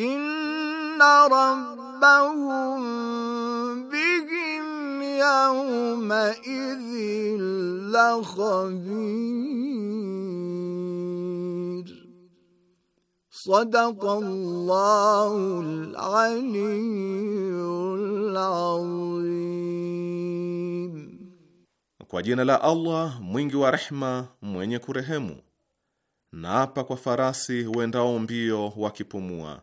inna rabbahum bihim yawma idhin sadaqallahu al-aliyyul azim kwa jina la Allah mwingi wa rehma mwenye kurehemu naapa kwa farasi wendao mbio wakipumua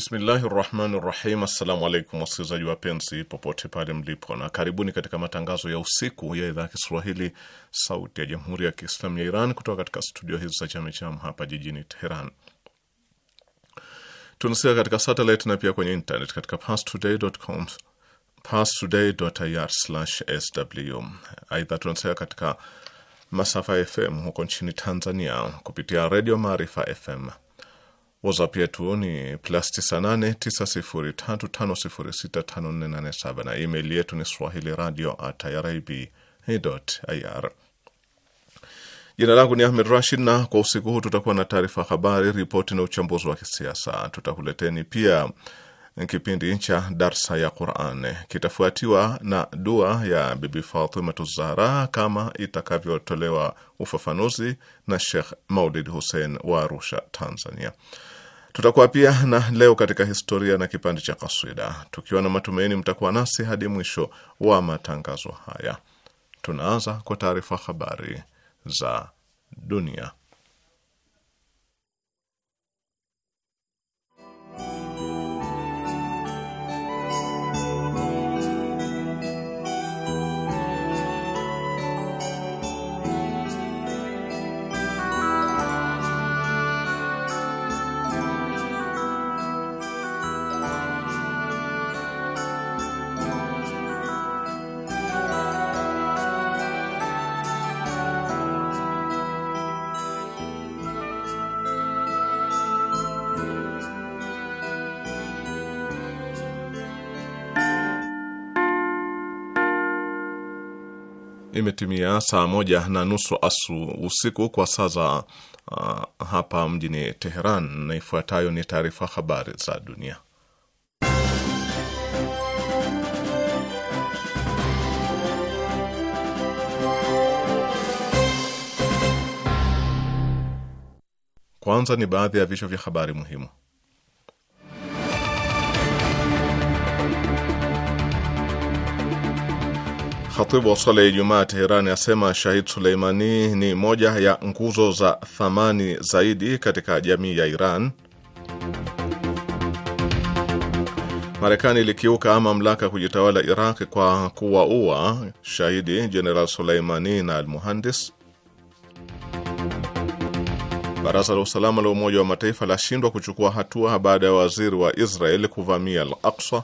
Bismillahi rahmani rahim. Assalamu alaikum wasikilizaji wapenzi popote pale mlipo, na karibuni katika matangazo ya usiku ya idhaa ya Kiswahili sauti ya jamhuri ya Kiislamu ya Iran kutoka katika studio hizi za Chamecham hapa jijini Teheran. Tunasikia katika satelit na pia kwenye internet katika pastoday.com pastoday.ir/sw. Aidha, tunasikia katika masafa FM huko nchini Tanzania kupitia redio Maarifa FM WhatsApp yetu ni plus 989035065487 na email yetu ni swahili radio at ir Jina langu ni Ahmed Rashid, na kwa usiku huu tutakuwa na taarifa habari, ripoti na uchambuzi wa kisiasa. Tutakuleteni pia kipindi cha darsa ya Quran, kitafuatiwa na dua ya Bibi Fatimatu Zahra kama itakavyotolewa ufafanuzi na Shekh Maulid Hussein wa Arusha, Tanzania. Tutakuwa pia na leo katika historia na kipande cha kaswida, tukiwa na matumaini mtakuwa nasi hadi mwisho wa matangazo haya. Tunaanza kwa taarifa habari za dunia. imetimia saa moja na nusu asu usiku kwa saa za uh, hapa mjini Teheran, na ifuatayo ni taarifa habari za dunia. Kwanza ni baadhi ya vichwa vya habari muhimu. Khatibu wa swala ya Ijumaa teheran asema Shahid Suleimani ni moja ya nguzo za thamani zaidi katika jamii ya Iran. Marekani ilikiuka mamlaka kujitawala Iraq kwa kuwaua shahidi Jeneral Suleimani na Almuhandis. Baraza la usalama la Umoja wa Mataifa lashindwa kuchukua hatua baada ya waziri wa Israel kuvamia Al Aqsa.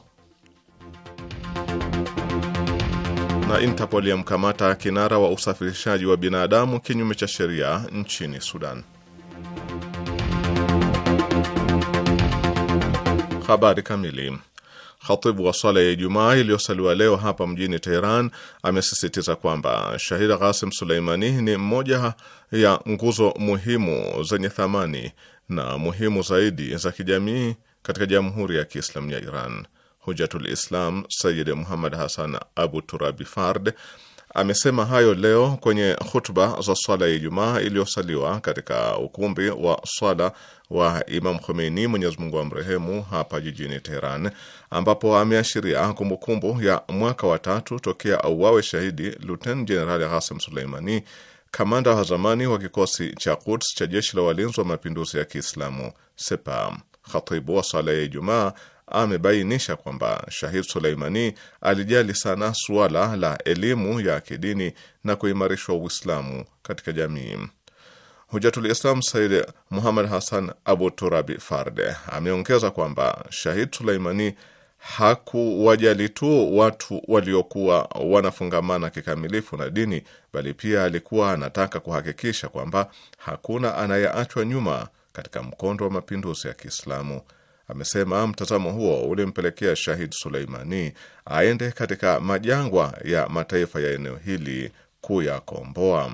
na Interpol yamkamata kinara wa usafirishaji wa binadamu kinyume cha sheria nchini Sudan. Habari kamili. Khatibu wa swala ya Ijumaa iliyosaliwa leo hapa mjini Teheran amesisitiza kwamba Shahid ghasim Suleimani ni mmoja ya nguzo muhimu zenye thamani na muhimu zaidi za kijamii katika Jamhuri ya Kiislamu ya Iran. Hujatul Islam Sayyid Muhammad Hasan Abu Turabi Fard amesema hayo leo kwenye hutuba za swala ya Ijumaa iliyosaliwa katika ukumbi wa swala wa Imam Khomeini, Mwenyezi Mungu amrehemu, hapa jijini Teheran, ambapo ameashiria kumbukumbu ya mwaka wa tatu tokea auawe shahidi Luten Jenerali Hasim Suleimani, kamanda wa zamani wa kikosi cha Quds cha jeshi la walinzi wa mapinduzi ya Kiislamu Sepa. Khatibu wa swala ya Ijumaa amebainisha kwamba Shahid Suleimani alijali sana suala la elimu ya kidini na kuimarishwa Uislamu katika jamii. Hujatul Islam Said Muhammad Hassan Abu Turabi Farde ameongeza kwamba Shahid Suleimani hakuwajali tu watu waliokuwa wanafungamana kikamilifu na dini, bali pia alikuwa anataka kuhakikisha kwamba hakuna anayeachwa nyuma katika mkondo wa mapinduzi ya Kiislamu. Amesema mtazamo huo ulimpelekea Shahid Suleimani aende katika majangwa ya mataifa ya eneo hili kuyakomboa.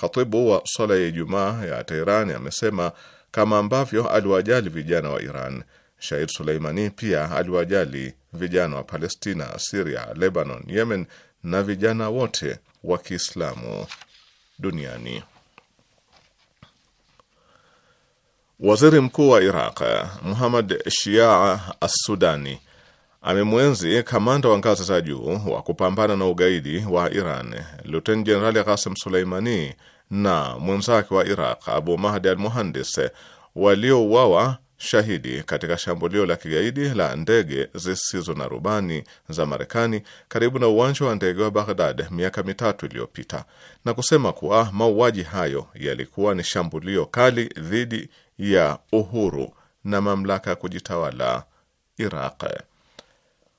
Khatibu wa swala ya Ijumaa ya Teherani amesema kama ambavyo aliwajali vijana wa Iran, Shahid Suleimani pia aliwajali vijana wa Palestina, Siria, Lebanon, Yemen na vijana wote wa Kiislamu duniani. Waziri mkuu wa Iraq Muhammad Shia Assudani amemwenzi kamanda wa ngazi za juu wa kupambana na ugaidi wa Iran Luten Jenerali Qasim Suleimani na mwenzake wa Iraq Abu Mahdi al Muhandis waliouawa shahidi katika shambulio la kigaidi la ndege zisizo na rubani za Marekani karibu na uwanja wa ndege wa Baghdad miaka mitatu iliyopita, na kusema kuwa mauaji hayo yalikuwa ni shambulio kali dhidi ya uhuru na mamlaka ya kujitawala Iraq.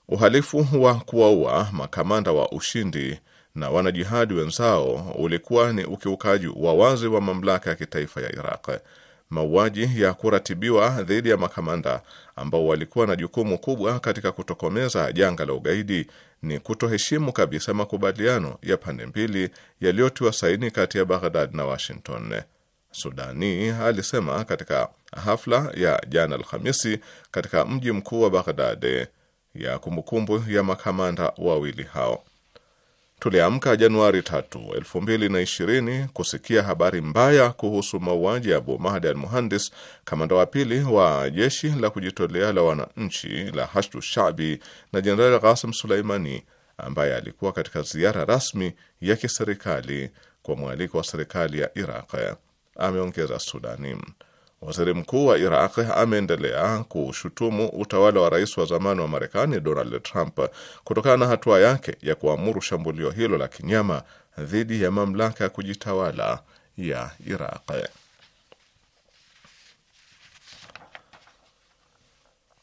Uhalifu wa kuwaua makamanda wa ushindi na wanajihadi wenzao ulikuwa ni ukiukaji wa wazi wa mamlaka ya kitaifa ya Iraq. Mauaji ya kuratibiwa dhidi ya makamanda ambao walikuwa na jukumu kubwa katika kutokomeza janga la ugaidi ni kutoheshimu kabisa makubaliano ya pande mbili yaliyotiwa saini kati ya Baghdad na Washington. Sudani alisema katika hafla ya jana Alhamisi katika mji mkuu wa Baghdad ya kumbukumbu ya makamanda wawili hao. Tuliamka Januari 3, 2020 kusikia habari mbaya kuhusu mauaji ya Abu Mahdi al-Muhandis, kamanda wa pili wa jeshi la kujitolea la wananchi la Hashdu Shabi na Jenerali Qasim Suleimani ambaye alikuwa katika ziara rasmi ya kiserikali kwa mwaliko wa serikali ya Iraq ameongeza Sudani. Waziri mkuu wa Iraq ameendelea kushutumu utawala wa rais wa zamani wa Marekani Donald Trump kutokana na hatua yake ya kuamuru shambulio hilo la kinyama dhidi ya mamlaka ya kujitawala ya Iraq.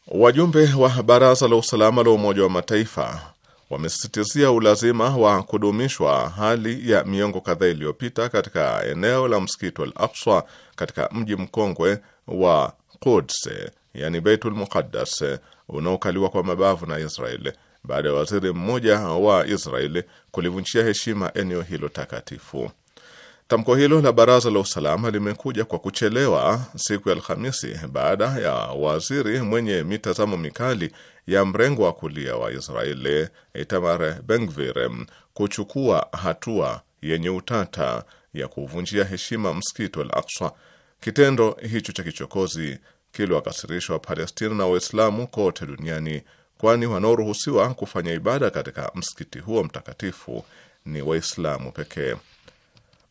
Wajumbe wa Baraza la Usalama la Umoja wa Mataifa wamesisitizia ulazima wa kudumishwa hali ya miongo kadhaa iliyopita katika eneo la msikiti Al Aqsa katika mji mkongwe wa Quds, yani Beitul Muqaddas, unaokaliwa kwa mabavu na Israeli baada ya waziri mmoja wa Israeli kulivunjia heshima eneo hilo takatifu. Tamko hilo la Baraza la Usalama limekuja kwa kuchelewa siku ya Alhamisi baada ya waziri mwenye mitazamo mikali ya mrengo wa kulia wa Israeli Itamar Bengvir kuchukua hatua yenye utata ya kuvunjia heshima msikiti Al Aksa. Kitendo hicho cha kichokozi kiliwakasirisha Wapalestina na Waislamu kote duniani, kwani wanaoruhusiwa kufanya ibada katika msikiti huo mtakatifu ni Waislamu pekee.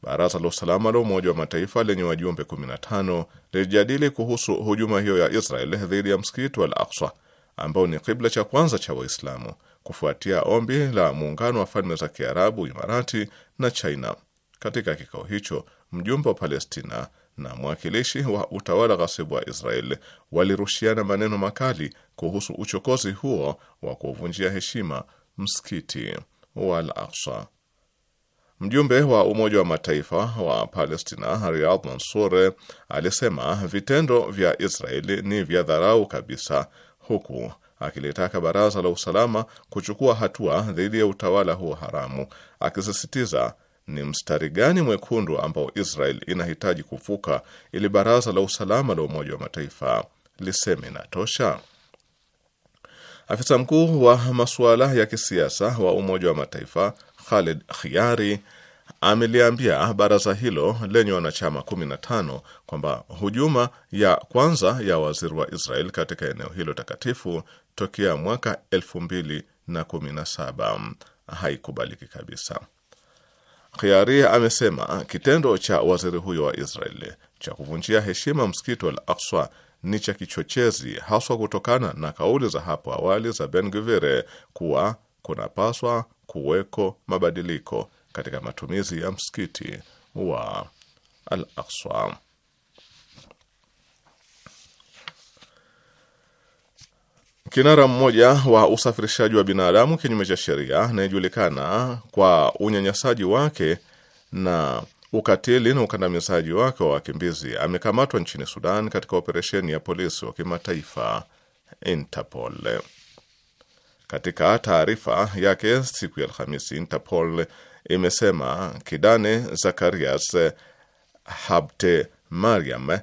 Baraza la Usalama la Umoja wa Mataifa lenye wajumbe 15 lilijadili kuhusu hujuma hiyo ya Israel dhidi ya msikiti wa Al Aksa ambao ni kibla cha kwanza cha Waislamu kufuatia ombi la muungano wa falme za Kiarabu, Imarati na China. Katika kikao hicho, mjumbe wa Palestina na mwakilishi wa utawala ghasibu wa Israel walirushiana maneno makali kuhusu uchokozi huo wa kuvunjia heshima msikiti wa Al-Aqsa. Mjumbe wa Umoja wa Mataifa wa Palestina Riyad Mansour alisema vitendo vya Israeli ni vya dharau kabisa huku akilitaka baraza la usalama kuchukua hatua dhidi ya utawala huo haramu, akisisitiza ni mstari gani mwekundu ambao Israel inahitaji kuvuka ili baraza la usalama la Umoja wa Mataifa liseme inatosha. Afisa mkuu wa masuala ya kisiasa wa Umoja wa Mataifa Khaled Khiari ameliambia baraza hilo lenye wanachama 15 kwamba hujuma ya kwanza ya waziri wa Israel katika eneo hilo takatifu tokea mwaka 2017 haikubaliki kabisa. Khiari amesema kitendo cha waziri huyo wa Israel cha kuvunjia heshima msikiti wal Akswa ni cha kichochezi, haswa kutokana na kauli za hapo awali za Ben Gvir kuwa kunapaswa kuweko mabadiliko katika matumizi ya msikiti wa Al Aqsa. Kinara mmoja wa usafirishaji wa binadamu kinyume cha sheria anayejulikana kwa unyanyasaji wake na ukatili na ukandamizaji wake wa wakimbizi amekamatwa nchini Sudan katika operesheni ya polisi wa kimataifa Interpol. Katika taarifa yake siku ya Alhamisi, Interpol imesema Kidane Zakarias Habte Mariam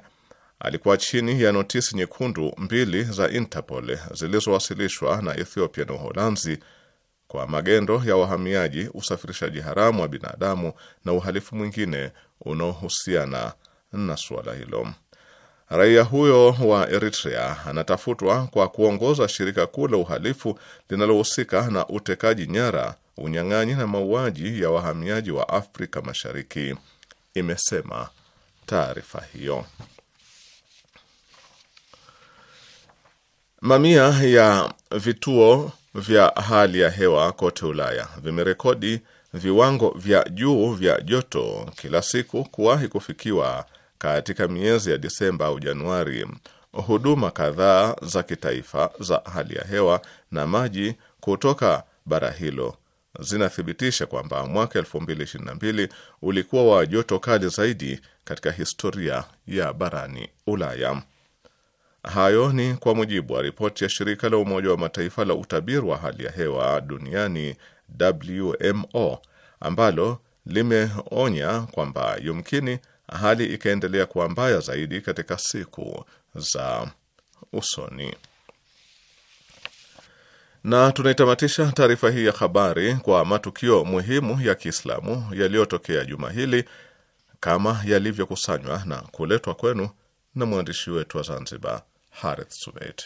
alikuwa chini ya notisi nyekundu mbili za Interpol zilizowasilishwa na Ethiopia na Uholanzi kwa magendo ya wahamiaji, usafirishaji haramu wa binadamu na uhalifu mwingine unaohusiana na suala hilo. Raia huyo wa Eritrea anatafutwa kwa kuongoza shirika kuu la uhalifu linalohusika na utekaji nyara unyang'anyi na mauaji ya wahamiaji wa Afrika Mashariki, imesema taarifa hiyo. Mamia ya vituo vya hali ya hewa kote Ulaya vimerekodi viwango vya juu vya joto kila siku kuwahi kufikiwa katika miezi ya Disemba au Januari. Huduma kadhaa za kitaifa za hali ya hewa na maji kutoka bara hilo zinathibitisha kwamba mwaka 2022 ulikuwa wa joto kali zaidi katika historia ya barani Ulaya. Hayo ni kwa mujibu wa ripoti ya shirika la Umoja wa Mataifa la utabiri wa hali ya hewa duniani WMO, ambalo limeonya kwamba yumkini hali ikaendelea kuwa mbaya zaidi katika siku za usoni. Na tunaitamatisha taarifa hii ya habari kwa matukio muhimu ya Kiislamu yaliyotokea juma hili kama yalivyokusanywa na kuletwa kwenu na mwandishi wetu wa Zanzibar, Harith Subeit.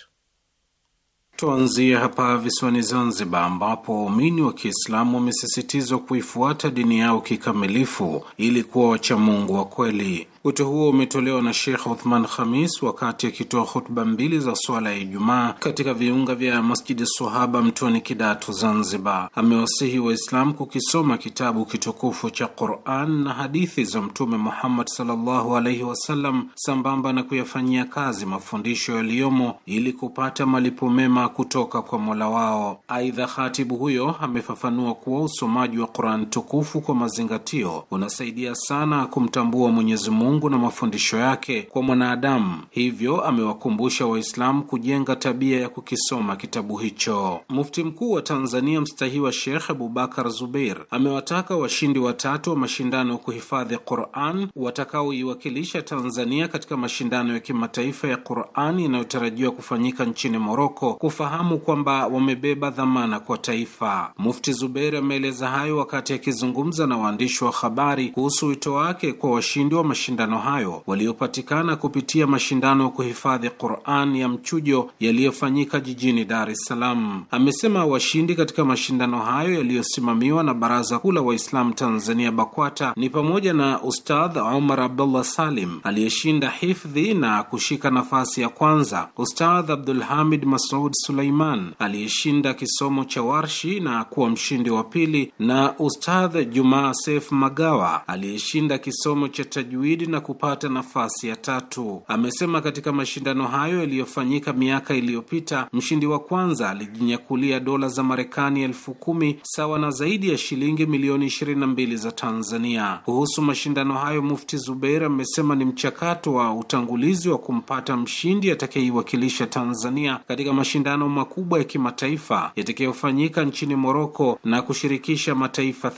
Tuanzie hapa visiwani Zanzibar, ambapo waumini wa Kiislamu wamesisitizwa kuifuata dini yao kikamilifu ili kuwa wachamungu wa kweli. Wito huo umetolewa na Sheikh Uthman Khamis wakati akitoa hutuba mbili za swala ya Ijumaa katika viunga vya Masjidi Sohaba Mtoni Kidatu, Zanzibar. Amewasihi Waislamu kukisoma kitabu kitukufu cha Quran na hadithi za Mtume Muhammad sallallahu alaihi wasallam sambamba na kuyafanyia kazi mafundisho yaliyomo ili kupata malipo mema kutoka kwa Mola wao. Aidha, khatibu huyo amefafanua kuwa usomaji wa Quran tukufu kwa mazingatio unasaidia sana kumtambua Mwenyezi Mungu Mungu na mafundisho yake kwa mwanadamu, hivyo amewakumbusha Waislamu kujenga tabia ya kukisoma kitabu hicho. Mufti mkuu wa Tanzania mstahiwa Sheikh Abubakar Zubeir amewataka washindi watatu wa mashindano kuhifadhi Quran watakaoiwakilisha Tanzania katika mashindano ya kimataifa ya Quran yanayotarajiwa kufanyika nchini Moroko kufahamu kwamba wamebeba dhamana kwa taifa. Mufti zubeir ameeleza hayo wakati akizungumza na waandishi wa habari kuhusu wito wake kwa washindi wa mashindano mashindano hayo waliopatikana kupitia mashindano ya kuhifadhi Qur'an ya mchujo yaliyofanyika jijini Dar es Salaam. Amesema washindi katika mashindano hayo yaliyosimamiwa na Baraza Kuu la Waislamu Tanzania BAKWATA ni pamoja na Ustadh Omar Abdullah Salim aliyeshinda hifdhi na kushika nafasi ya kwanza, Ustadh Abdul Hamid Masud Suleiman aliyeshinda kisomo cha warshi na kuwa mshindi wa pili, na Ustadh Jumaa sef Magawa aliyeshinda kisomo cha tajwidi na kupata nafasi ya tatu. Amesema katika mashindano hayo yaliyofanyika miaka iliyopita, mshindi wa kwanza alijinyakulia dola za Marekani elfu kumi sawa na zaidi ya shilingi milioni 22 za Tanzania. Kuhusu mashindano hayo, Mufti Zubeir amesema ni mchakato wa utangulizi wa kumpata mshindi atakayeiwakilisha Tanzania katika mashindano makubwa ya kimataifa yatakayofanyika nchini Moroko na kushirikisha mataifa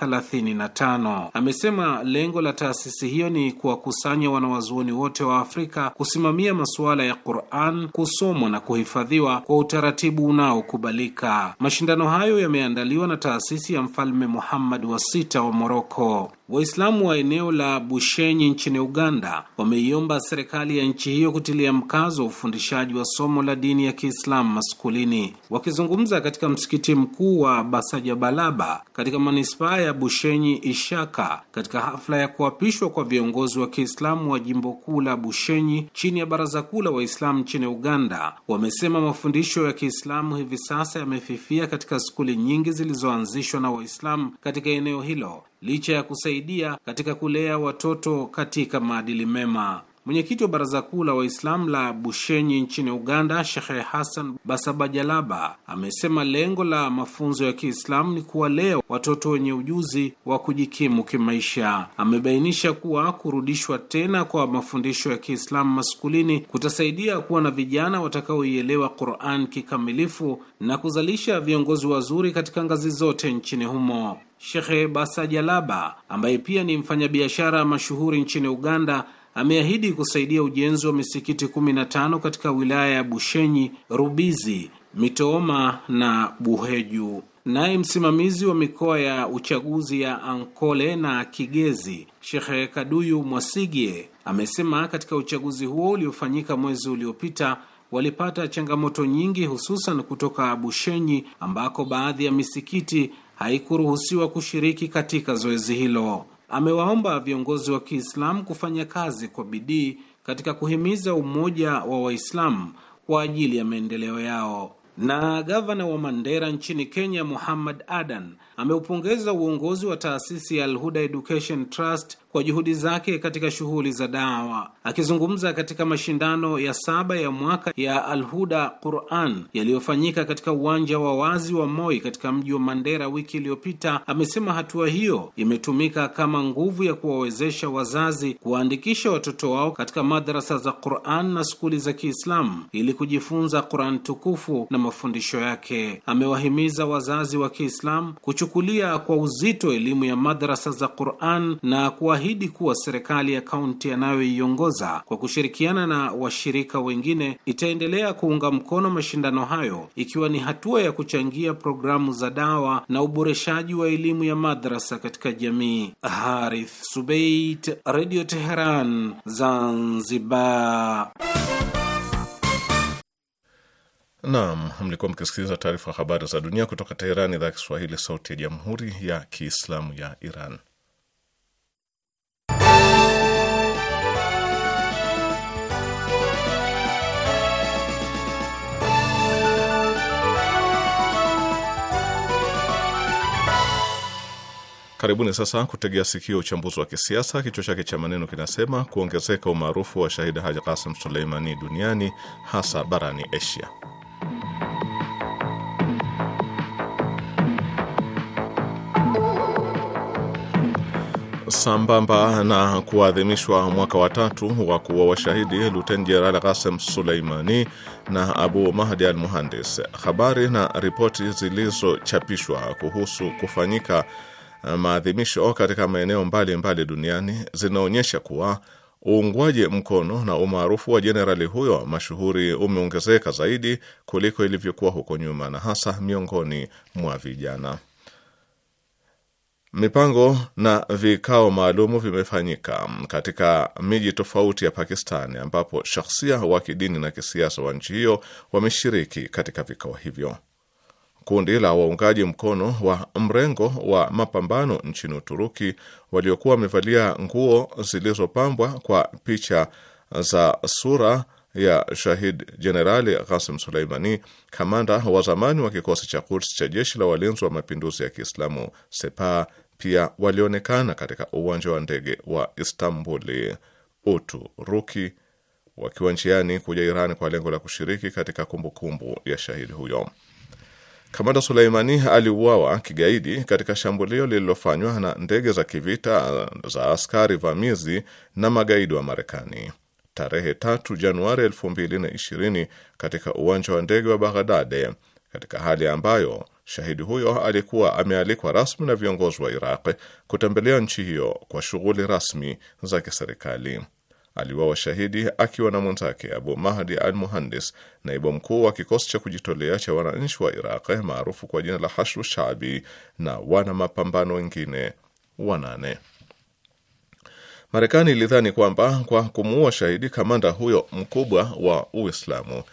tano Amesema lengo la taasisi hiyo ni kuwakusa kuwakusanya wanawazuoni wote wa Afrika kusimamia masuala ya Quran kusomwa na kuhifadhiwa kwa utaratibu unaokubalika. Mashindano hayo yameandaliwa na taasisi ya Mfalme Muhammad wa sita wa Moroko. Waislamu wa eneo la Bushenyi nchini Uganda wameiomba serikali ya nchi hiyo kutilia mkazo wa ufundishaji wa somo la dini ya Kiislamu maskulini. Wakizungumza katika msikiti mkuu wa Basajabalaba katika manispaa ya Bushenyi Ishaka, katika hafla ya kuapishwa kwa viongozi wa Kiislamu wa jimbo kuu la Bushenyi chini ya Baraza Kuu la Waislamu nchini Uganda, wamesema mafundisho ya Kiislamu hivi sasa yamefifia katika skuli nyingi zilizoanzishwa na Waislamu katika eneo hilo licha ya kusaidia katika kulea watoto katika maadili mema. Mwenyekiti wa Baraza Kuu la Waislamu la Bushenyi nchini Uganda, Shekhe Hassan Basabajalaba amesema lengo la mafunzo ya Kiislamu ni kuwalea watoto wenye ujuzi wa kujikimu kimaisha. Amebainisha kuwa kurudishwa tena kwa mafundisho ya Kiislamu maskulini kutasaidia kuwa na vijana watakaoielewa Quran kikamilifu na kuzalisha viongozi wazuri katika ngazi zote nchini humo. Shekhe Basajalaba ambaye pia ni mfanyabiashara mashuhuri nchini Uganda ameahidi kusaidia ujenzi wa misikiti 15 katika wilaya ya Bushenyi, Rubizi, Mitooma na Buheju. Naye msimamizi wa mikoa ya uchaguzi ya Ankole na Kigezi, Shekhe Kaduyu Mwasigie, amesema katika uchaguzi huo uliofanyika mwezi uliopita walipata changamoto nyingi, hususan kutoka Bushenyi ambako baadhi ya misikiti haikuruhusiwa kushiriki katika zoezi hilo amewaomba viongozi wa Kiislamu kufanya kazi kwa bidii katika kuhimiza umoja wa Waislamu kwa ajili ya maendeleo yao. Na gavana wa Mandera nchini Kenya, Muhammad Adan, ameupongeza uongozi wa taasisi ya Alhuda Education Trust kwa juhudi zake katika shughuli za dawa. Akizungumza katika mashindano ya saba ya mwaka ya Alhuda Quran yaliyofanyika katika uwanja wa wazi wa Moi katika mji wa Mandera wiki iliyopita, amesema hatua hiyo imetumika kama nguvu ya kuwawezesha wazazi kuwaandikisha watoto wao katika madrasa za Quran na skuli za Kiislamu ili kujifunza Quran tukufu na mafundisho yake. Amewahimiza wazazi wa Kiislamu kuchukulia kwa uzito elimu ya madrasa za Quran na kuwa kuahidi kuwa serikali ya kaunti anayoiongoza kwa kushirikiana na washirika wengine itaendelea kuunga mkono mashindano hayo, ikiwa ni hatua ya kuchangia programu za dawa na uboreshaji wa elimu ya madrasa katika jamii. Harith Subait, Radio Teheran, Zanzibar. Naam, mlikuwa mkisikiliza taarifa ya habari za dunia kutoka Teherani, idhaa ya Kiswahili, sauti ya jamhuri ya kiislamu ya Iran. Karibuni sasa kutegea sikio uchambuzi wa kisiasa, kichwa chake cha maneno kinasema kuongezeka umaarufu wa shahida Haji Qasim Suleimani duniani hasa barani Asia. Sambamba na kuadhimishwa mwaka wa tatu wa kuwa washahidi Luten Jeneral Qasem Suleimani na Abu Mahdi al Muhandis, habari na ripoti zilizochapishwa kuhusu kufanyika Eh, maadhimisho katika maeneo mbalimbali duniani zinaonyesha kuwa uungwaji mkono na umaarufu wa jenerali huyo mashuhuri umeongezeka zaidi kuliko ilivyokuwa huko nyuma na hasa miongoni mwa vijana. Mipango na vikao maalumu vimefanyika katika miji tofauti ya Pakistani ambapo shakhsia wa kidini na kisiasa wa nchi hiyo wameshiriki katika vikao hivyo. Kundi la waungaji mkono wa mrengo wa mapambano nchini Uturuki waliokuwa wamevalia nguo zilizopambwa kwa picha za sura ya shahid jenerali Qasim Suleimani, kamanda wa zamani wa kikosi cha Quds cha jeshi la walinzi wa mapinduzi ya Kiislamu Sepa, pia walionekana katika uwanja wa ndege wa Istanbuli, Uturuki, wakiwa njiani kuja Iran kwa lengo la kushiriki katika kumbukumbu ya shahidi huyo. Kamanda Suleimani aliuawa kigaidi katika shambulio lililofanywa na ndege za kivita za askari vamizi na magaidi wa Marekani tarehe 3 Januari 2020 katika uwanja wa ndege wa Baghdad, katika hali ambayo shahidi huyo alikuwa amealikwa rasmi na viongozi wa Iraq kutembelea nchi hiyo kwa shughuli rasmi za kiserikali aliuawa shahidi akiwa na mwenzake Abu Mahdi al Muhandis, naibu mkuu wa kikosi cha kujitolea cha wananchi wa Iraq maarufu kwa jina la Hashdu Shaabi na wana mapambano wengine wanane. Marekani ilidhani kwamba kwa kumuua shahidi kamanda huyo mkubwa wa Uislamu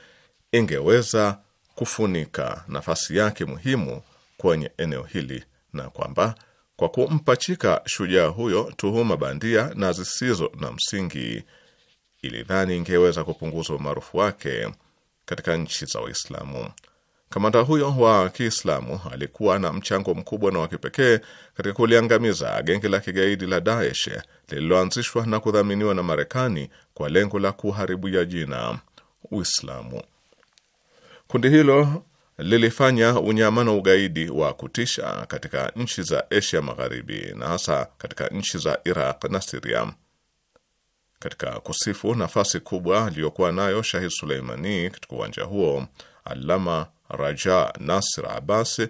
ingeweza kufunika nafasi yake muhimu kwenye eneo hili na kwamba kwa kumpachika shujaa huyo tuhuma bandia na zisizo na msingi, ilidhani ingeweza kupunguza umaarufu wake katika nchi za Waislamu. Kamanda huyo wa Kiislamu alikuwa na mchango mkubwa na wa kipekee katika kuliangamiza genge la kigaidi la Daesh lililoanzishwa na kudhaminiwa na Marekani kwa lengo la kuharibu ya jina Uislamu. Kundi hilo lilifanya unyama na ugaidi wa kutisha katika nchi za Asia Magharibi na hasa katika nchi za Iraq na Siria. Katika kusifu nafasi kubwa aliyokuwa nayo Shahid Suleimani katika uwanja huo, Alama Raja Nasir Abbas,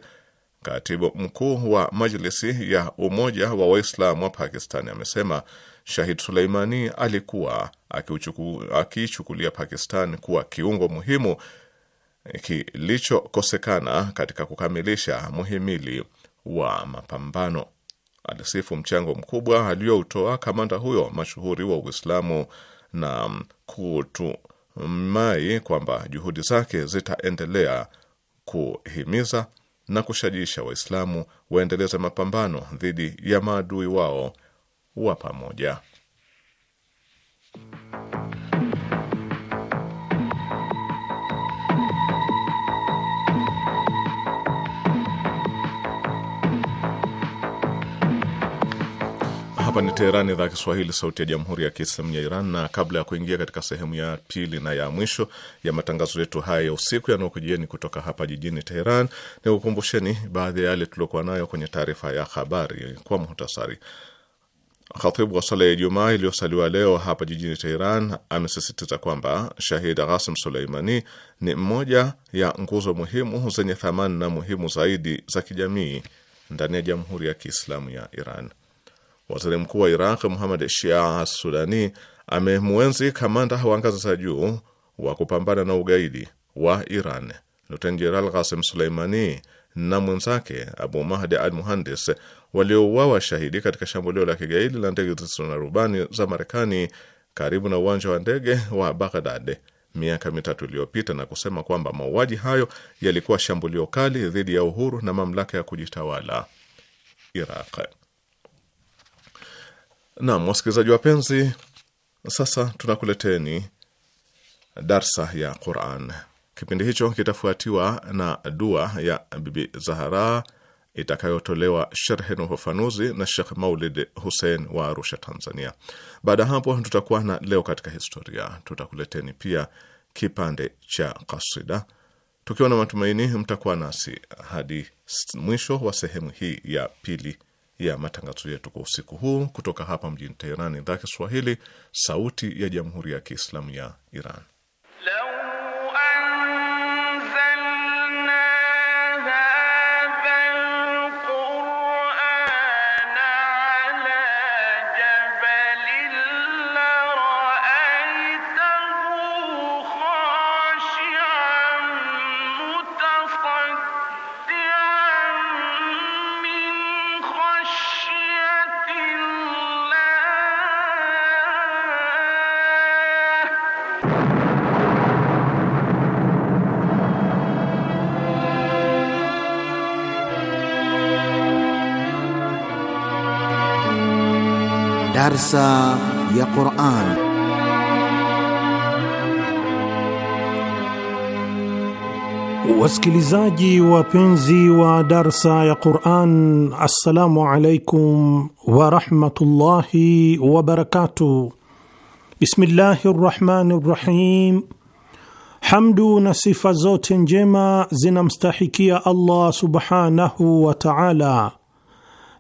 katibu mkuu wa Majlisi ya Umoja wa Waislamu wa Pakistani, amesema Shahid Suleimani alikuwa akiichukulia Pakistan kuwa kiungo muhimu kilichokosekana katika kukamilisha muhimili wa mapambano. Alisifu mchango mkubwa aliyoutoa kamanda huyo mashuhuri wa Uislamu na kutumai kwamba juhudi zake zitaendelea kuhimiza na kushajisha Waislamu waendeleze mapambano dhidi ya maadui wao wa pamoja. Hapa ni Teherani, idhaa Kiswahili, sauti ya jamhuri ya kiislamu ya Iran. Na kabla ya kuingia katika sehemu ya pili na ya mwisho ya matangazo yetu haya ya usiku yanayokujieni kutoka hapa jijini Teheran, ni kukumbusheni baadhi ya yale tuliokuwa nayo kwenye taarifa ya habari kwa muhtasari. Khatibu wa swala ya Ijumaa iliyosaliwa leo hapa jijini Teheran amesisitiza kwamba Shahid Ghasim Suleimani ni mmoja ya nguzo muhimu zenye thamani na muhimu zaidi za kijamii ndani ya jamhuri ya kiislamu ya Iran. Waziri mkuu wa Iraq muhamad Shia Sudani amemwenzi kamanda wa ngazi za juu wa kupambana na ugaidi wa Iran luten Jeneral Qasim Suleimani na mwenzake Abu Mahdi al Muhandis waliouawa shahidi katika shambulio la kigaidi la ndege zisizo na rubani za Marekani karibu na uwanja wa ndege wa Baghdad miaka mitatu iliyopita na kusema kwamba mauaji hayo yalikuwa shambulio kali dhidi ya uhuru na mamlaka ya kujitawala Iraq. Naam, wasikilizaji wapenzi, sasa tunakuleteni darsa ya Quran. Kipindi hicho kitafuatiwa na dua ya Bibi Zahara itakayotolewa sherhe na ufafanuzi na Shekh Maulid Hussein wa Arusha, Tanzania. Baada ya hapo, tutakuwa na leo katika historia. Tutakuleteni pia kipande cha kasida, tukiwa na matumaini mtakuwa nasi hadi mwisho wa sehemu hii ya pili ya matangazo yetu kwa usiku huu kutoka hapa mjini Teherani, idhaa Kiswahili, sauti ya jamhuri ya kiislamu ya Iran. darsa ya Qur'an. Wasikilizaji wapenzi wa darsa ya Qur'an, assalamu alaikum wa rahmatullahi wa barakatuh. Bismillahi rrahmani rrahim. Hamdu na sifa zote njema zinamstahikia Allah subhanahu wa ta'ala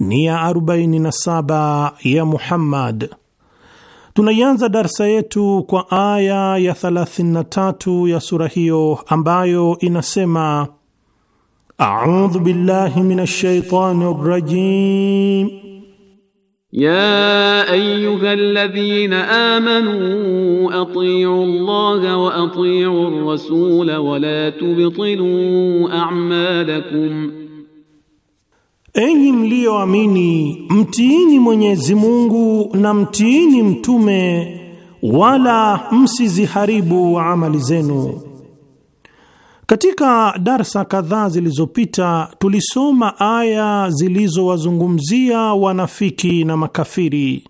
ni ya 47 ya Muhammad. Tunaianza darsa yetu kwa aya ya 33 ya sura hiyo ambayo inasema: audhu billahi minash shaitani rrajim ya ayuha alladhina amanu atiu allaha wa atiu rasula wa tubtilu a'malakum Enyi mlioamini, mtiini Mwenyezi Mungu na mtiini mtume, wala msiziharibu amali zenu. Katika darsa kadhaa zilizopita tulisoma aya zilizowazungumzia wanafiki na makafiri.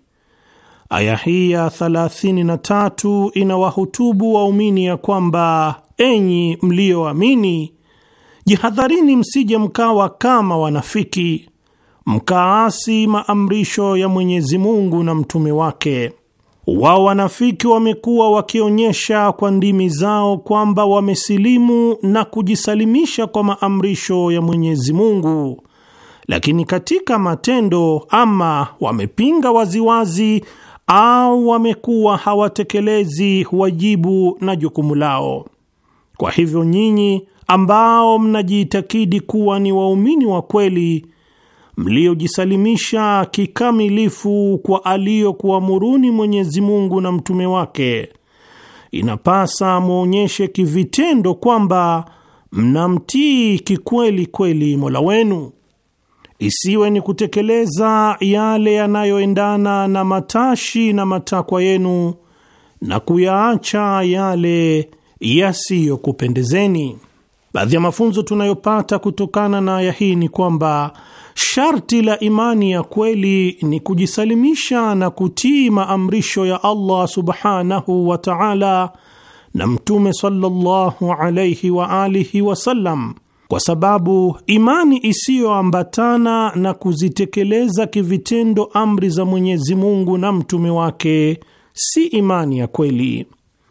Aya hii ya 33 inawahutubu waumini ya kwamba enyi mlioamini Jihadharini msije mkawa kama wanafiki, mkaasi maamrisho ya Mwenyezi Mungu na mtume wake. Wao wanafiki wamekuwa wakionyesha kwa ndimi zao kwamba wamesilimu na kujisalimisha kwa maamrisho ya Mwenyezi Mungu, lakini katika matendo ama wamepinga waziwazi au wamekuwa hawatekelezi wajibu na jukumu lao. Kwa hivyo nyinyi ambao mnajiitakidi kuwa ni waumini wa kweli, mliojisalimisha kikamilifu kwa aliyokuamuruni Mwenyezi Mungu na mtume wake, inapasa mwonyeshe kivitendo kwamba mnamtii kikweli kweli Mola wenu. Isiwe ni kutekeleza yale yanayoendana na matashi na matakwa yenu na kuyaacha yale yasiyokupendezeni. Baadhi ya mafunzo tunayopata kutokana na aya hii ni kwamba sharti la imani ya kweli ni kujisalimisha na kutii maamrisho ya Allah subhanahu wa ta'ala na Mtume sallallahu alayhi wa alihi wasallam, kwa sababu imani isiyoambatana na kuzitekeleza kivitendo amri za Mwenyezi Mungu na mtume wake si imani ya kweli.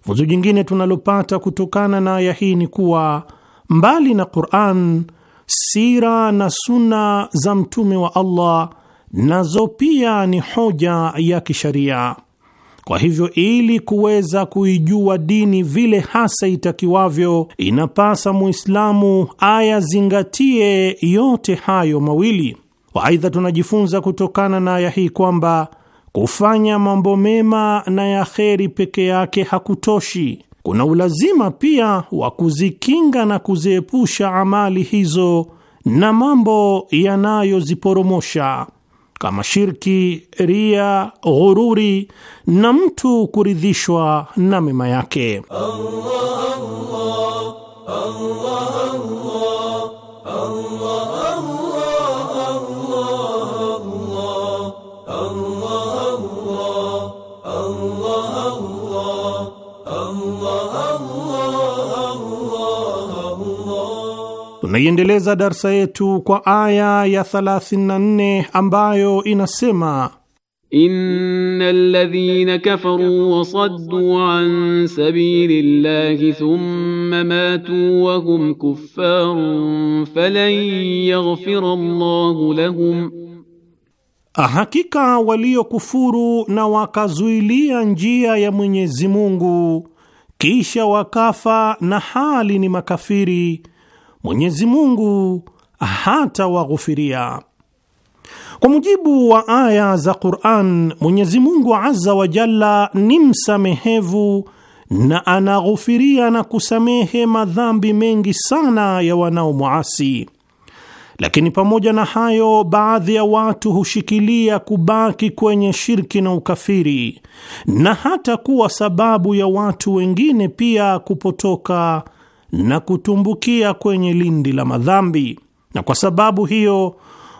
Funzo jingine tunalopata kutokana na aya hii ni kuwa mbali na Qur'an, sira na suna za mtume wa Allah nazo pia ni hoja ya kisharia. Kwa hivyo, ili kuweza kuijua dini vile hasa itakiwavyo, inapasa Muislamu ayazingatie yote hayo mawili. Waaidha, tunajifunza kutokana na aya hii kwamba Kufanya mambo mema na ya kheri peke yake hakutoshi, kuna ulazima pia wa kuzikinga na kuziepusha amali hizo na mambo yanayoziporomosha kama shirki, ria, ghururi na mtu kuridhishwa na mema yake. Allah, Allah, Allah, Allah. Tunaiendeleza darsa yetu kwa aya ya 34 ambayo inasema Innal ladhina kafaru wa saddu an llahi thumma matu wa hum kuffarun falan yaghfira Allahu lahum, hakika waliokufuru na wakazuilia njia ya Mwenyezi Mungu kisha wakafa na hali ni makafiri Mwenyezi Mungu hatawaghufiria. Kwa mujibu wa aya za Qur'an, Mwenyezi Mungu Azza wa Jalla ni msamehevu na anaghufiria na kusamehe madhambi mengi sana ya wanaomwasi. Lakini pamoja na hayo, baadhi ya watu hushikilia kubaki kwenye shirki na ukafiri na hata kuwa sababu ya watu wengine pia kupotoka na kutumbukia kwenye lindi la madhambi, na kwa sababu hiyo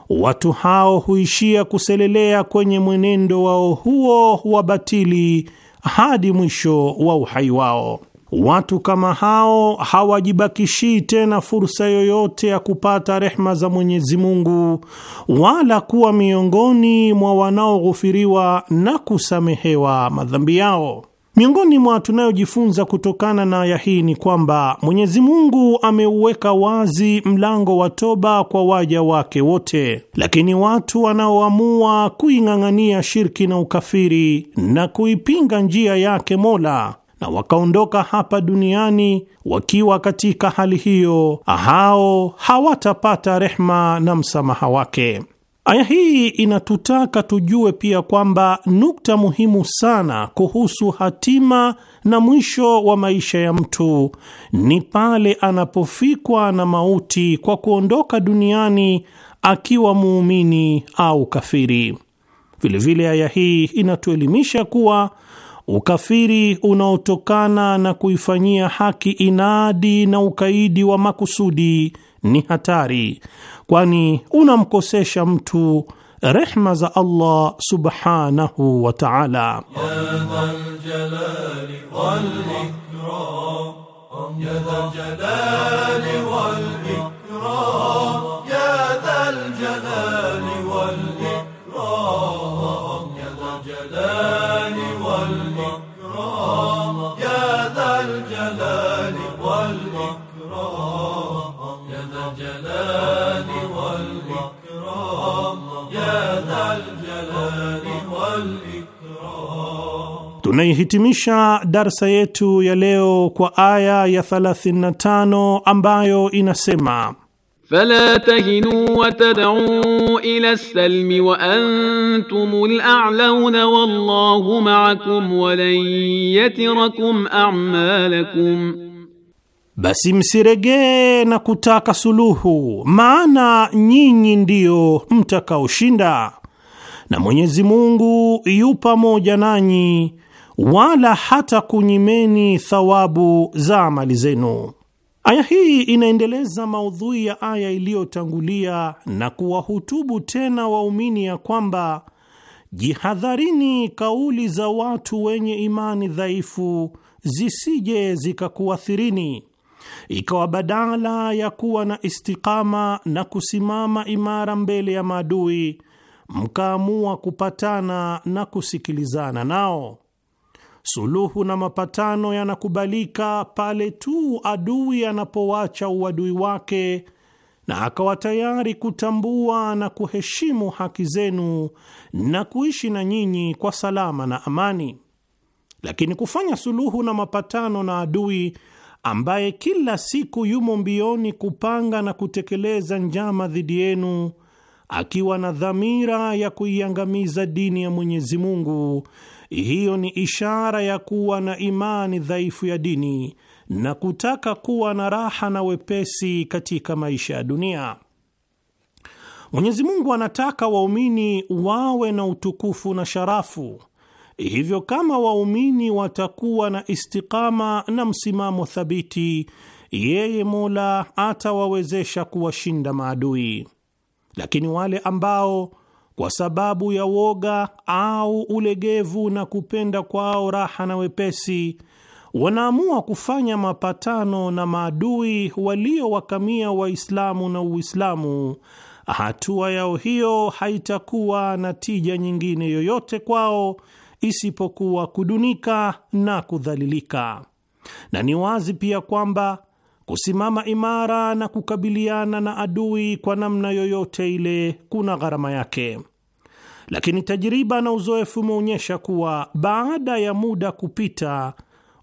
watu hao huishia kuselelea kwenye mwenendo wao huo wa batili hadi mwisho wa uhai wao. Watu kama hao hawajibakishii tena fursa yoyote ya kupata rehma za Mwenyezi Mungu wala kuwa miongoni mwa wanaoghufiriwa na kusamehewa madhambi yao. Miongoni mwa tunayojifunza kutokana na aya hii ni kwamba Mwenyezi Mungu ameuweka wazi mlango wa toba kwa waja wake wote, lakini watu wanaoamua kuing'ang'ania shirki na ukafiri na kuipinga njia yake Mola na wakaondoka hapa duniani wakiwa katika hali hiyo, hao hawatapata rehma na msamaha wake. Aya hii inatutaka tujue pia kwamba nukta muhimu sana kuhusu hatima na mwisho wa maisha ya mtu ni pale anapofikwa na mauti kwa kuondoka duniani akiwa muumini au kafiri. Vilevile aya hii inatuelimisha kuwa Ukafiri unaotokana na kuifanyia haki inadi na ukaidi wa makusudi ni hatari, kwani unamkosesha mtu rehma za Allah subhanahu wa ta'ala. Tunaihitimisha darsa yetu ya leo kwa aya ya 35 ambayo inasema: Fala tahinu wa tad'u ila as-salmi wa antum al-a'launa wallahu ma'akum wa lan yatirakum a'malakum, basi msiregee na kutaka suluhu, maana nyinyi ndiyo mtakaoshinda, na Mwenyezi Mungu yu pamoja nanyi, wala hata kunyimeni thawabu za amali zenu. Aya hii inaendeleza maudhui ya aya iliyotangulia na kuwahutubu tena waumini ya kwamba jihadharini kauli za watu wenye imani dhaifu zisije zikakuathirini, ikawa badala ya kuwa na istikama na kusimama imara mbele ya maadui, mkaamua kupatana na kusikilizana nao Suluhu na mapatano yanakubalika pale tu adui anapowacha uadui wake na akawa tayari kutambua na kuheshimu haki zenu na kuishi na nyinyi kwa salama na amani. Lakini kufanya suluhu na mapatano na adui ambaye kila siku yumo mbioni kupanga na kutekeleza njama dhidi yenu, akiwa na dhamira ya kuiangamiza dini ya Mwenyezi Mungu hiyo ni ishara ya kuwa na imani dhaifu ya dini na kutaka kuwa na raha na wepesi katika maisha ya dunia. Mwenyezi Mungu anataka waumini wawe na utukufu na sharafu. Hivyo, kama waumini watakuwa na istikama na msimamo thabiti, yeye Mola atawawezesha kuwashinda maadui. Lakini wale ambao kwa sababu ya woga au ulegevu na kupenda kwao raha na wepesi, wanaamua kufanya mapatano na maadui waliowakamia Waislamu na Uislamu. Hatua yao hiyo haitakuwa na tija nyingine yoyote kwao isipokuwa kudunika na kudhalilika, na ni wazi pia kwamba Kusimama imara na kukabiliana na adui kwa namna yoyote ile kuna gharama yake, lakini tajiriba na uzoefu umeonyesha kuwa baada ya muda kupita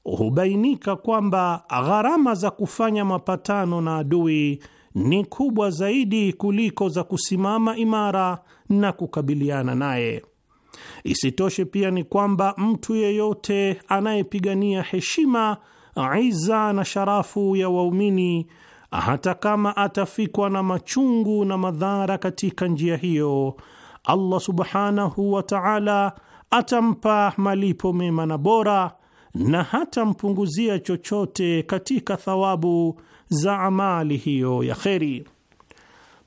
hubainika kwamba gharama za kufanya mapatano na adui ni kubwa zaidi kuliko za kusimama imara na kukabiliana naye. Isitoshe pia ni kwamba mtu yeyote anayepigania heshima iza na sharafu ya waumini, hata kama atafikwa na machungu na madhara katika njia hiyo, Allah subhanahu wa ta'ala atampa malipo mema na bora na hatampunguzia chochote katika thawabu za amali hiyo ya kheri.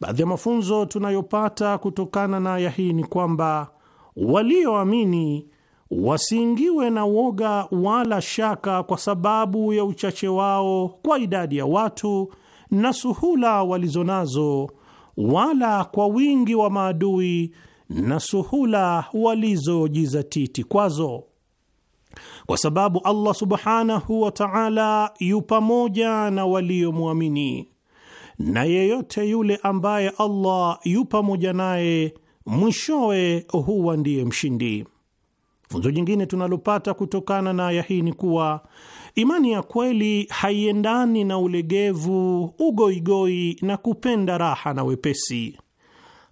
Baadhi ya mafunzo tunayopata kutokana na aya hii ni kwamba walioamini wasiingiwe na woga wala shaka kwa sababu ya uchache wao kwa idadi ya watu na suhula walizonazo, wala kwa wingi wa maadui na suhula walizojizatiti kwazo, kwa sababu Allah subhanahu wa ta'ala yu pamoja na waliomwamini, na yeyote yule ambaye Allah yu pamoja naye mwishowe huwa ndiye mshindi. Funzo jingine tunalopata kutokana na aya hii ni kuwa imani ya kweli haiendani na ulegevu, ugoigoi na kupenda raha na wepesi.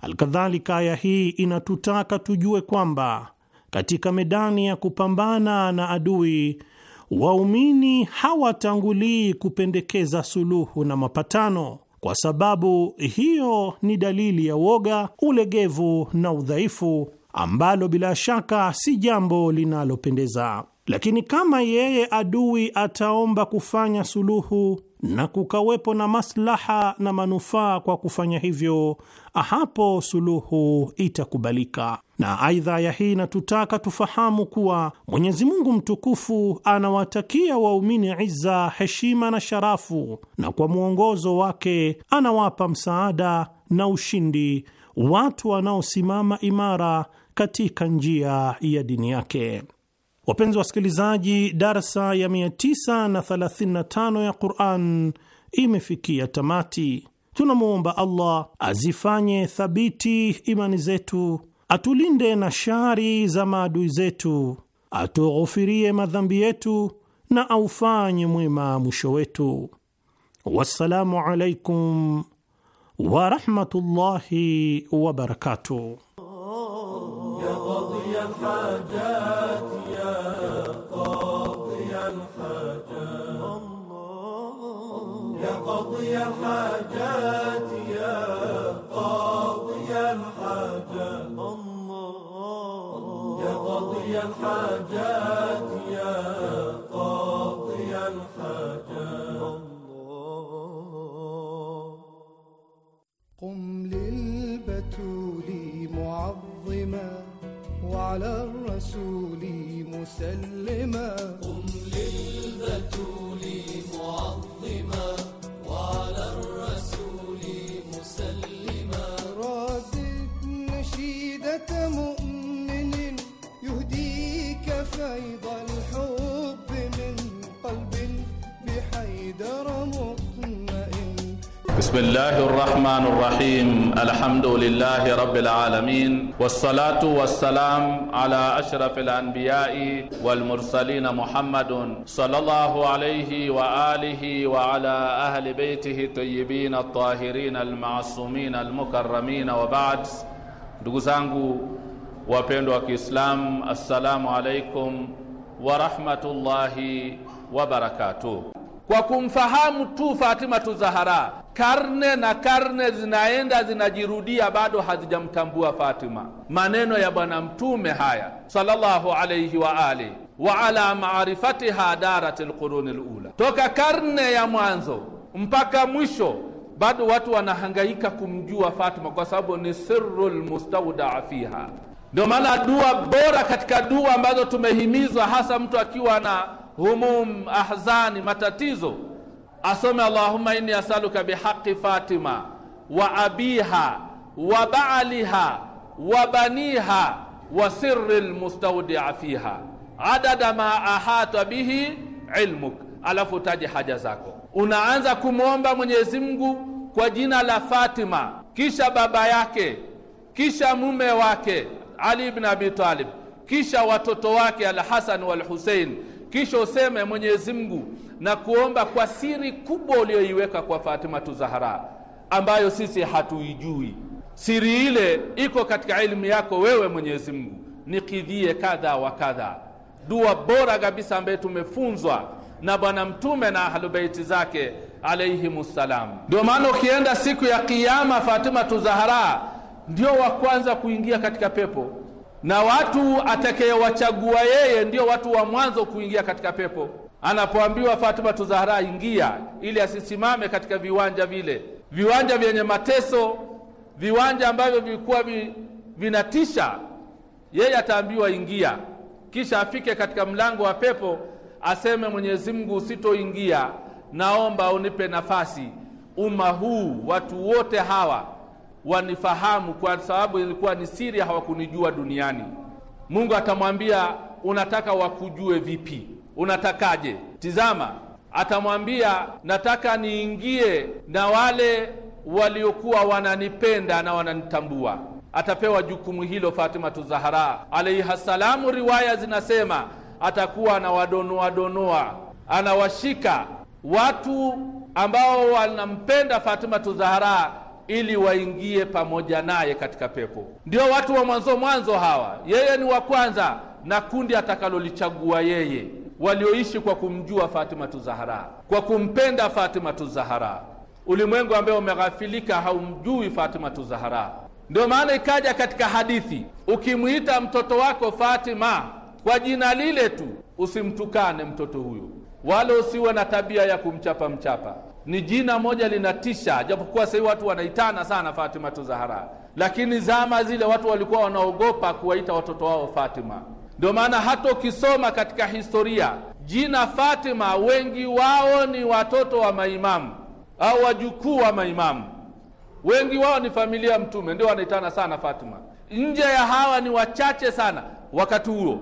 Alkadhalika, aya hii inatutaka tujue kwamba katika medani ya kupambana na adui, waumini hawatangulii kupendekeza suluhu na mapatano, kwa sababu hiyo ni dalili ya woga, ulegevu na udhaifu ambalo bila shaka si jambo linalopendeza. Lakini kama yeye adui ataomba kufanya suluhu na kukawepo na maslaha na manufaa kwa kufanya hivyo, hapo suluhu itakubalika. Na aidha ya hii inatutaka tufahamu kuwa Mwenyezi Mungu mtukufu anawatakia waumini iza, heshima na sharafu, na kwa mwongozo wake anawapa msaada na ushindi watu wanaosimama imara katika njia ya dini yake. Wapenzi wasikilizaji, darsa ya 935 ya Quran imefikia tamati. Tunamwomba Allah azifanye thabiti imani zetu, atulinde na shari za maadui zetu, atughufirie madhambi yetu na aufanye mwema mwisho wetu. Wassalamu alaikum warahmatullahi wabarakatuh. الحاجات يا قاضي الحاجات يا قاضي الحاجات يا قاضي الحاجات يا قاضي الحاجات يا على الرسول مسلما قم للبتول معظما وعلى الرسول مسلما ردد نشيدة مؤمن يهديك فيضا بسم الله الرحمن الرحيم الحمد لله رب العالمين والصلاة والسلام على أشرف الأنبياء والمرسلين محمد صلى الله عليه وآله وعلى أهل بيته الطيبين الطاهرين المعصومين المكرمين وبعد دوزانغو وبين إسلام السلام عليكم ورحمة الله وبركاته kwa kumfahamu tu Fatima Zahara karne na karne zinaenda zinajirudia, bado hazijamtambua Fatima. Maneno ya Bwana Mtume haya sallallahu alayhi wa ali wa ala maarifatiha darat lquruni lula toka karne ya mwanzo mpaka mwisho, bado watu wanahangaika kumjua Fatima kwa sababu ni siru lmustaudaa fiha. Ndio maana dua bora katika dua ambazo tumehimizwa, hasa mtu akiwa na humum, ahzani, matatizo asome allahumma inni asaluka bihaqi fatima wa abiha wa baaliha wa baniha wa sirri lmustaudia fiha adada ma ahata bihi ilmuk, alafu taje haja zako. Unaanza kumwomba Mwenyezi Mungu kwa jina la Fatima, kisha baba yake, kisha mume wake Ali ibn Abi Talib, kisha watoto wake alhasan walhusein, kisha useme Mwenyezi Mungu na kuomba kwa siri kubwa uliyoiweka kwa fatima Zahra ambayo sisi hatuijui. Siri ile iko katika elimu yako wewe, Mwenyezi Mungu, nikidhie kadha wa kadha. Dua bora kabisa ambaye tumefunzwa na Bwana Mtume na ahlubeiti zake ssalam Ndio maana ukienda siku ya Kiyama, fatima Zahra ndio wa kwanza kuingia katika pepo na watu atakayewachagua yeye ndio watu wa mwanzo kuingia katika pepo anapoambiwa Fatima tuzahara ingia, ili asisimame katika viwanja vile, viwanja vyenye mateso, viwanja ambavyo vilikuwa vi, vinatisha. Yeye ataambiwa ingia, kisha afike katika mlango wa pepo, aseme Mwenyezi Mungu, usitoingia, naomba unipe nafasi, umma huu, watu wote hawa wanifahamu, kwa sababu ilikuwa ni siri, hawakunijua duniani. Mungu atamwambia unataka wakujue vipi? unatakaje? Tizama, atamwambia nataka niingie na wale waliokuwa wananipenda na wananitambua. Atapewa jukumu hilo Fatimatu Zahara alaiha Riwaya zinasema atakuwa anawadonoa donoa, anawashika watu ambao wanampenda Fatimatu Zahara ili waingie pamoja naye katika pepo. Ndio watu wa mwanzo mwanzo hawa, yeye ni wa kwanza na kundi atakalolichagua yeye walioishi kwa kumjua Fatima Tuzahara, kwa kumpenda Fatima Tuzahara. Ulimwengu ambaye umeghafilika haumjui Fatima Tuzahara. Ndio maana ikaja katika hadithi, ukimwita mtoto wako Fatima kwa jina lile tu, usimtukane mtoto huyo, wala usiwe na tabia ya kumchapa mchapa. Ni jina moja linatisha, japokuwa sahii watu wanaitana sana Fatima Tuzahara, lakini zama zile watu walikuwa wanaogopa kuwaita watoto wao Fatima. Ndio maana hata ukisoma katika historia jina Fatima, wengi wao ni watoto wa maimamu au wajukuu wa maimamu, wengi wao ni familia ya Mtume, ndio wanaitana sana Fatima. Nje ya hawa ni wachache sana, wakati huo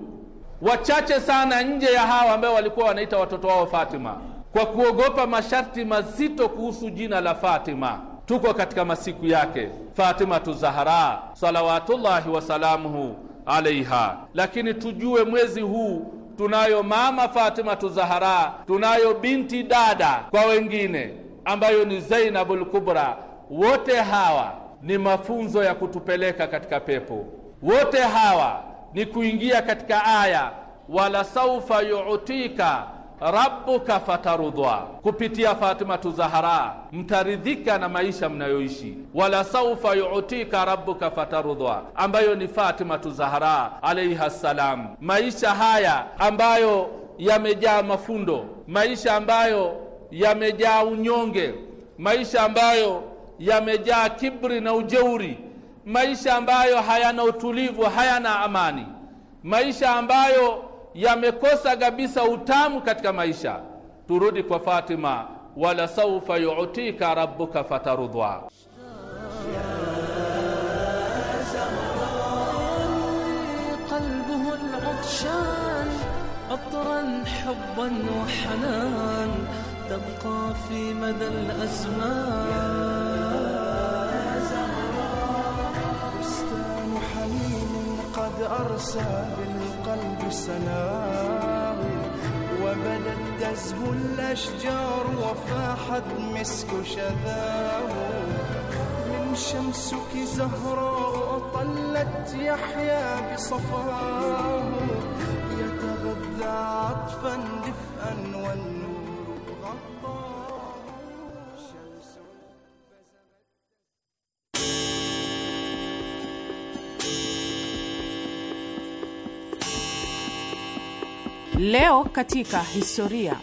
wachache sana nje ya hawa ambao walikuwa wanaita watoto wao Fatima kwa kuogopa masharti mazito kuhusu jina la Fatima. Tuko katika masiku yake Fatima Zahra salawatullahi wasalamuhu alaiha. Lakini tujue mwezi huu tunayo mama Fatima Tuzahara, tunayo binti dada kwa wengine ambayo ni Zainabul Kubra. Wote hawa ni mafunzo ya kutupeleka katika pepo, wote hawa ni kuingia katika aya wala saufa yuutika rabbuka fatarudhwa kupitia fatima Zahara mtaridhika na maisha mnayoishi. Wala saufa yutika rabuka fatarudhwa ambayo ni fatima Zahara alaiha ssalam. Maisha haya ambayo yamejaa mafundo, maisha ambayo yamejaa unyonge, maisha ambayo yamejaa kibri na ujeuri, maisha ambayo hayana utulivu, hayana amani, maisha ambayo yamekosa kabisa utamu katika maisha turudi kwa fatima wala saufa yutika rabbuka fatarudwa Arsa bin سلام وبدت تزهو الأشجار وفاحت مسك شذاه من شمسك زهراء طلت يحيا بصفاه يتغذى عطفا دفئا والنساء Leo katika historia.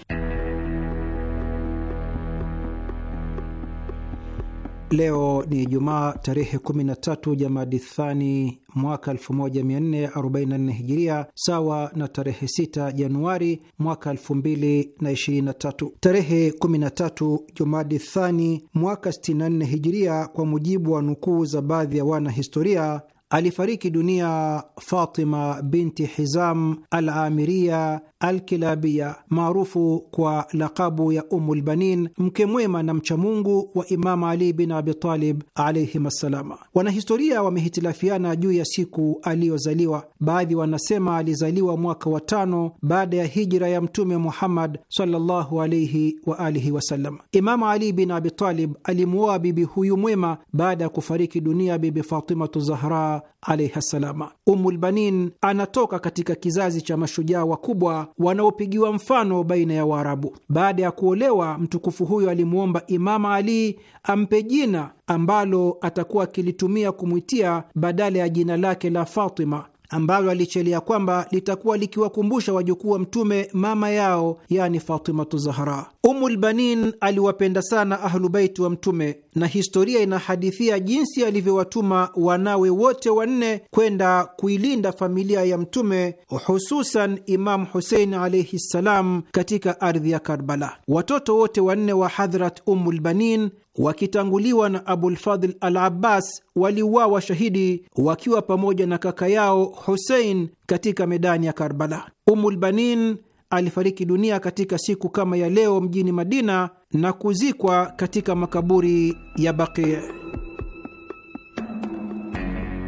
Leo ni Jumaa tarehe 13 Jamadi Thani mwaka 1444 Hijiria, sawa na tarehe 6 Januari mwaka 2023. Tarehe 13 Jumadi Thani mwaka 64 Hijiria, kwa mujibu wa nukuu za baadhi ya wanahistoria alifariki dunia Fatima binti Hizam al Amiria Alkilabia, maarufu kwa lakabu ya Ummulbanin, mke mwema na mchamungu wa Imamu Ali bin Abitalib alaihim assalama. Wanahistoria wamehitilafiana juu ya siku aliyozaliwa. Baadhi wanasema alizaliwa mwaka wa tano baada ya hijra ya Mtume Muhammad sallallahu alaihi wa alihi wasallam. Imamu Ali bin Abitalib alimuoa bibi huyu mwema baada ya kufariki dunia Bibi Fatimatu Zahra alaihi ssalama. Ummulbanin anatoka katika kizazi cha mashujaa wakubwa wanaopigiwa mfano baina ya Waarabu. Baada ya kuolewa, mtukufu huyo alimwomba Imama Ali ampe jina ambalo atakuwa akilitumia kumwitia badala ya jina lake la Fatima ambalo alichelea kwamba litakuwa likiwakumbusha wajukuu wa Mtume mama yao, yani Fatimatu Zahra. Ummulbanin aliwapenda sana Ahlubaiti wa Mtume, na historia inahadithia jinsi alivyowatuma wanawe wote wanne kwenda kuilinda familia ya Mtume, hususan Imamu Husein alaihi ssalam, katika ardhi ya Karbala. Watoto wote wanne wa Hadhrat Ummulbanin wakitanguliwa na Abulfadhl al Abbas waliuawa shahidi wakiwa pamoja na kaka yao Husein katika medani ya Karbala. Umulbanin alifariki dunia katika siku kama ya leo mjini Madina na kuzikwa katika makaburi ya Baqi.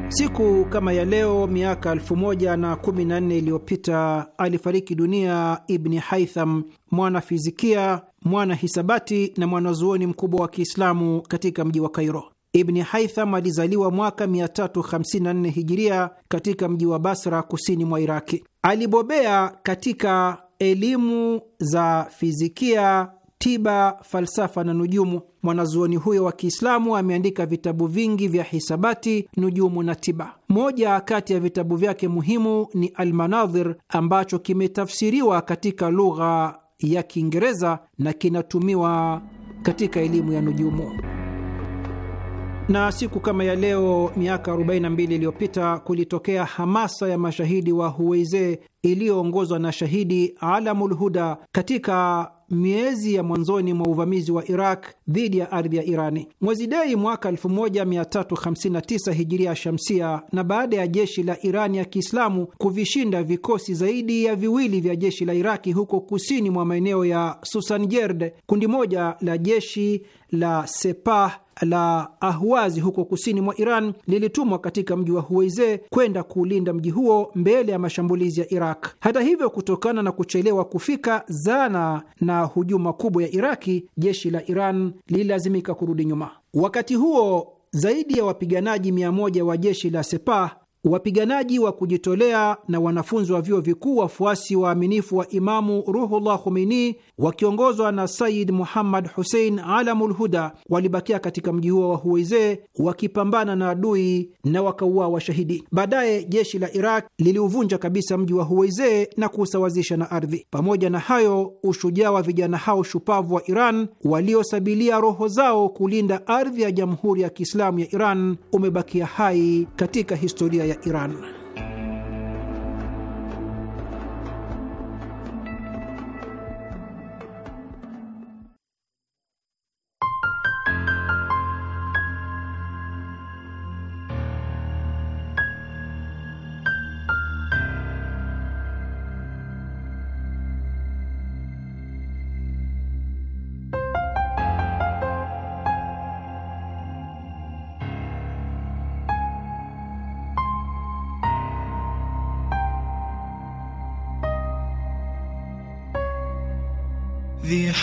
Siku kama ya leo miaka 1014 iliyopita alifariki dunia Ibni Haitham, mwanafizikia mwana hisabati na mwanazuoni mkubwa wa Kiislamu katika mji wa Kairo. Ibni Haitham alizaliwa mwaka 354 hijiria katika mji wa Basra, kusini mwa Iraki. Alibobea katika elimu za fizikia, tiba, falsafa na nujumu. Mwanazuoni huyo wa Kiislamu ameandika vitabu vingi vya hisabati, nujumu na tiba. Moja kati ya vitabu vyake muhimu ni Almanadhir ambacho kimetafsiriwa katika lugha ya Kiingereza na kinatumiwa katika elimu ya nujumu. Na siku kama ya leo miaka 42 iliyopita kulitokea hamasa ya mashahidi wa Huweize iliyoongozwa na shahidi Alamul Huda katika miezi ya mwanzoni mwa uvamizi wa Iraq dhidi ya ardhi ya Irani. Mwezi Dei mwaka 1359 hijiria shamsia, na baada ya jeshi la Irani ya Kiislamu kuvishinda vikosi zaidi ya viwili vya jeshi la Iraki huko kusini mwa maeneo ya Susanjerde, kundi moja la jeshi la Sepah la Ahwazi huko kusini mwa Iran lilitumwa katika mji wa Huweize kwenda kuulinda mji huo mbele ya mashambulizi ya Iraq. Hata hivyo, kutokana na kuchelewa kufika zana na hujuma kubwa ya Iraki, jeshi la Iran lililazimika kurudi nyuma. Wakati huo zaidi ya wapiganaji mia moja wa jeshi la Sepah, wapiganaji wa kujitolea na wanafunzi wa vyuo vikuu, wafuasi waaminifu wa Imamu Ruhullah Khomeini wakiongozwa na Sayid Muhammad Husein Alamul Huda walibakia katika mji huo wa Huweize wakipambana na adui na wakauawa washahidi Baadaye jeshi la Iraq liliuvunja kabisa mji wa huweze na kuusawazisha na ardhi. Pamoja na hayo, ushujaa wa vijana hao shupavu wa Iran waliosabilia roho zao kulinda ardhi ya Jamhuri ya Kiislamu ya Iran umebakia hai katika historia ya Iran.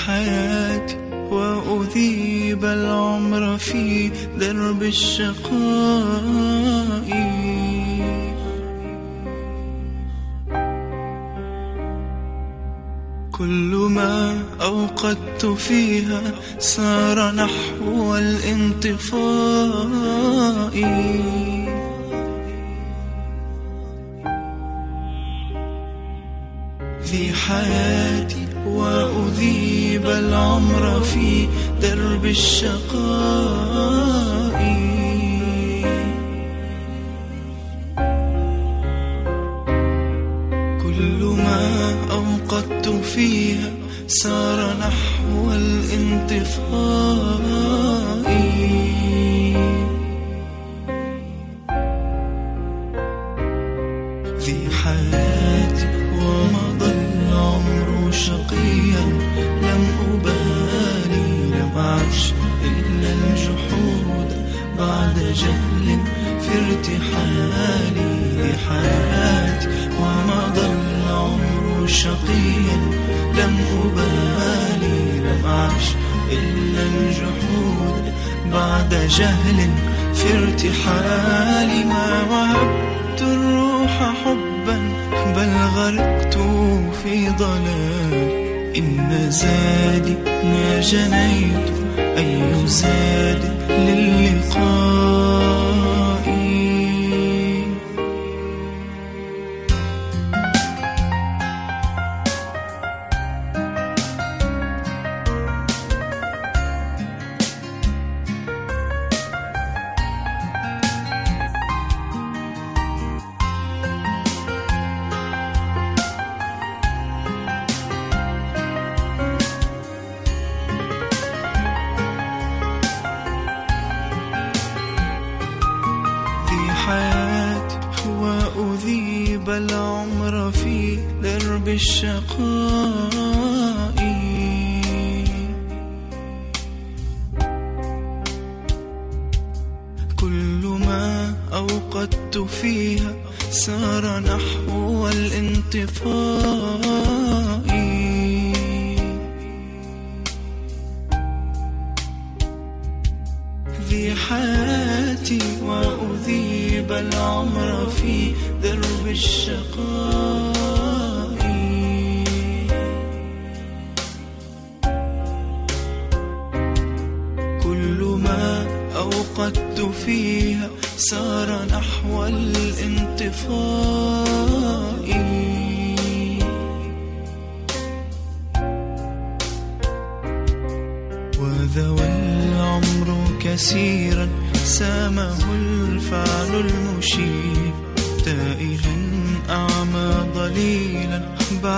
حياة وأذيب العمر في درب الشقاء كل ما أوقدت فيها سار نحو الانطفاء ذي حياه ذيب العمر في درب الشقاء جهل في ارتحال ما وهبت الروح حبا بل غرقت في ضلال إن زادي ما جنيت أي زاد للقاء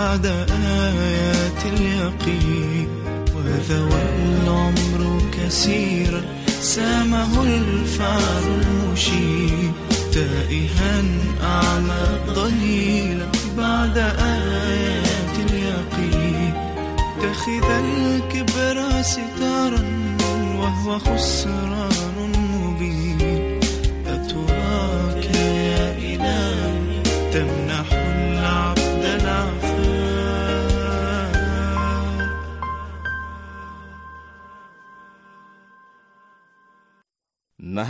بعد آيات اليقين وذوى العمر كثيرا سامه الفعل المشير تائها أعمى ضليلا بعد آيات اليقين اتخذ الكبر ستارا وهو خسران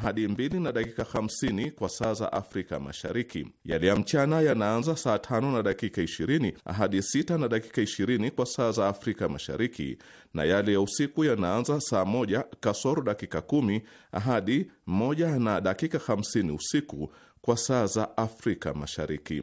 hadi mbili na dakika 50 kwa saa za Afrika Mashariki. Yale ya mchana yanaanza saa tano na dakika 20 hadi sita na dakika ishirini kwa saa za Afrika Mashariki, na yale ya usiku yanaanza saa moja kasoro dakika kumi hadi moja na dakika 50 usiku kwa saa za Afrika Mashariki.